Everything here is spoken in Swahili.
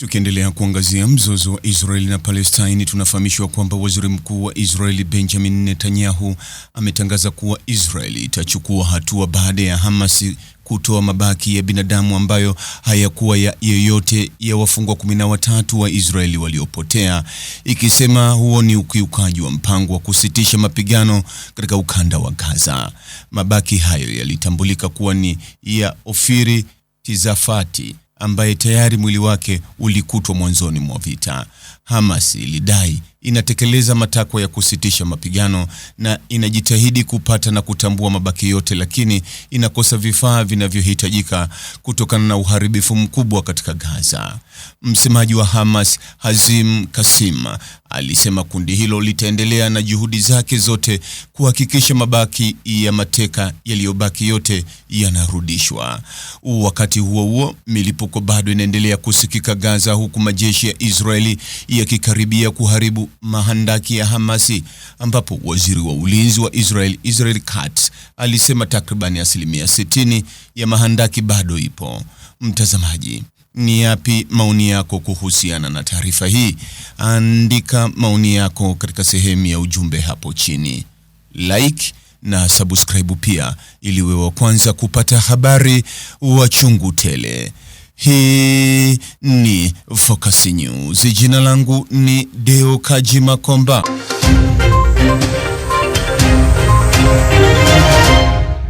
Tukiendelea kuangazia mzozo wa Israeli na Palestine, tunafahamishwa kwamba Waziri Mkuu wa Israeli Benjamin Netanyahu ametangaza kuwa Israeli itachukua hatua baada ya Hamas kutoa mabaki ya binadamu ambayo hayakuwa ya yeyote ya wafungwa 13 wa Israeli waliopotea, ikisema huo ni ukiukaji wa mpango wa kusitisha mapigano katika ukanda wa Gaza. Mabaki hayo yalitambulika kuwa ni ya Ofiri Tizafati ambaye tayari mwili wake ulikutwa mwanzoni mwa vita. Hamas ilidai inatekeleza matakwa ya kusitisha mapigano na inajitahidi kupata na kutambua mabaki yote, lakini inakosa vifaa vinavyohitajika kutokana na uharibifu mkubwa katika Gaza. Msemaji wa Hamas Hazim Kasim Alisema kundi hilo litaendelea na juhudi zake zote kuhakikisha mabaki ya mateka yaliyobaki yote yanarudishwa. Wakati huo huo, milipuko bado inaendelea kusikika Gaza, huku majeshi ya Israeli yakikaribia kuharibu mahandaki ya Hamasi, ambapo waziri wa ulinzi wa Israel Israel Katz alisema takribani asilimia 60 ya mahandaki bado ipo. Mtazamaji, ni yapi maoni yako kuhusiana na taarifa hii? Andika maoni yako katika sehemu ya ujumbe hapo chini, like na subscribe pia, ili wewe wa kwanza kupata habari wa chungu tele. Hii ni Focus News. Jina langu ni Deo Kaji Makomba.